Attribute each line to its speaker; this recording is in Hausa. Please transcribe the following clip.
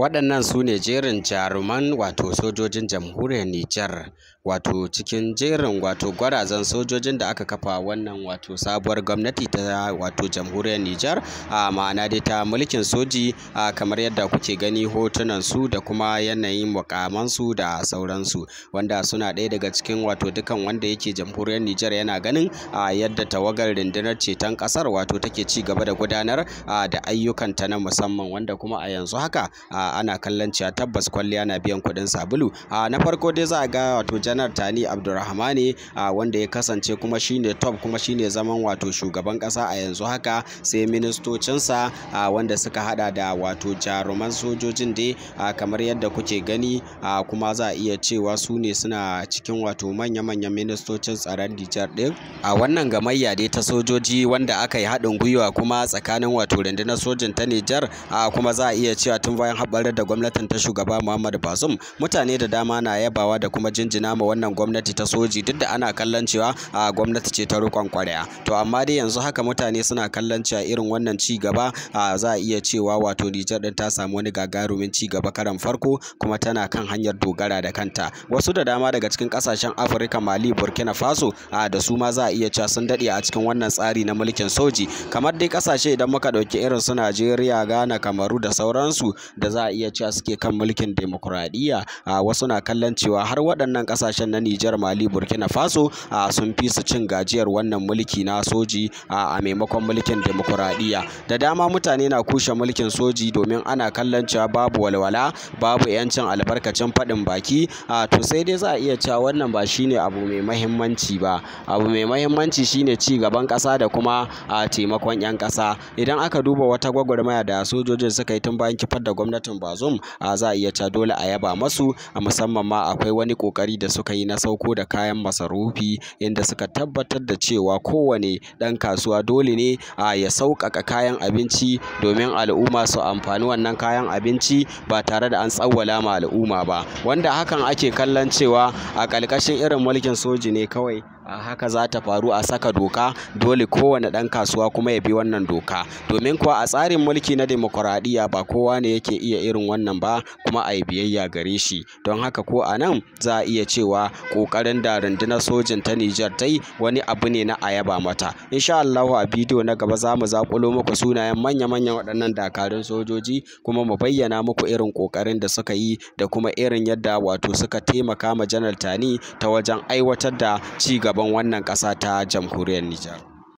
Speaker 1: waɗannan su ne jerin jaruman wato sojojin jamhuriyar Nijar wato cikin jerin wato gwarazan sojojin da aka kafa wannan wato sabuwar gwamnati ta wato jamhuriyar Nijar a ma'ana dai ta mulkin soji a kamar yadda kuke gani hotunan su da kuma yanayin mukaman su da sauransu wanda suna ɗaya daga cikin wato dukan wanda yake jamhuriyar Nijar yana ganin a yadda tawagar rundunar ceton ƙasar wato take ci gaba da gudanar da ayyukan ta na musamman wanda kuma a yanzu haka ana kallon cewa tabbas kwalliya na biyan kuɗin sabulu a na farko dai za a ga wato janar tani abdurrahmani a wanda ya kasance kuma shine top kuma shine zaman wato shugaban kasa a yanzu haka sai ministocinsa a wanda suka hada da wato jaruman sojojin dai a kamar yadda kuke gani a kuma za a iya cewa su ne suna cikin wato manya-manyan ministocin tsaron Nijar din a wannan gamayya dai ta sojoji wanda aka yi haɗin gwiwa kuma tsakanin wato rundunar sojin ta Nijar a kuma za a iya cewa tun bayan haɓarar da gwamnatin ta shugaba muhammadu Basum mutane da dama na yabawa da kuma jinjina ma wannan gwamnati ta soji duk da ana kallon cewa a gwamnati ce ta rukon kwarya to amma dai yanzu haka mutane suna kallon cewa irin wannan ci gaba za a iya cewa wato Niger din ta samu wani gagarumin ci gaba karan farko kuma tana kan hanyar dogara da kanta wasu da dama daga cikin kasashen Afirka Mali Burkina Faso da su ma za a iya cewa sun dade a cikin wannan tsari na mulkin soji kamar dai kasashe idan muka dauki irin su Najeriya Ghana Kamaru da sauransu da za a iya cewa suke kan mulkin demokuraɗiyya wasu na kallon cewa har waɗannan kasashe kasashen na Nijar Mali Burkina Faso sun fi su cin gajiyar wannan mulki na soji a maimakon mulkin demokuraɗiyya da dama mutane na kushe mulkin soji domin ana kallon cewa babu walwala babu yancin albarkacin faɗin baki to sai dai za a iya cewa wannan ba shine abu mai mahimmanci ba abu mai mahimmanci shine ci gaban ƙasa da kuma taimakon 'yan ƙasa idan aka duba wata gwagwarmaya da sojojin suka yi tun bayan kifar da gwamnatin bazum za a iya cewa dole a yaba masu musamman ma akwai wani ƙoƙari da su. suka yi na sauko da kayan masarufi inda suka tabbatar da cewa kowane ɗan kasuwa dole ne a ya sauƙaƙa kayan abinci domin al'umma su amfani wannan kayan abinci ba tare da an tsawwala ma al'umma ba wanda hakan ake kallon cewa a ƙalƙashin irin mulkin soji ne kawai a haka za ta faru a saka doka dole kowane ɗan kasuwa kuma ya bi wannan doka domin kuwa a tsarin mulki na demokuraɗiyya ba kowa ne yake iya irin wannan ba kuma a yi biyayya gare shi don haka ko a nan za a iya cewa cewa ƙoƙarin da rundunar sojin ta Nijar ta yi wani abu ne na ayaba mata. Insha Allahu a bidiyo na gaba za mu zaƙulo muku sunayen manya-manyan waɗannan dakarun sojoji kuma mu bayyana muku irin ƙoƙarin da suka yi da kuma irin yadda wato suka taimaka ma Janar Tani ta wajen aiwatar da ci gaban wannan ƙasa ta jamhuriyar Nijar.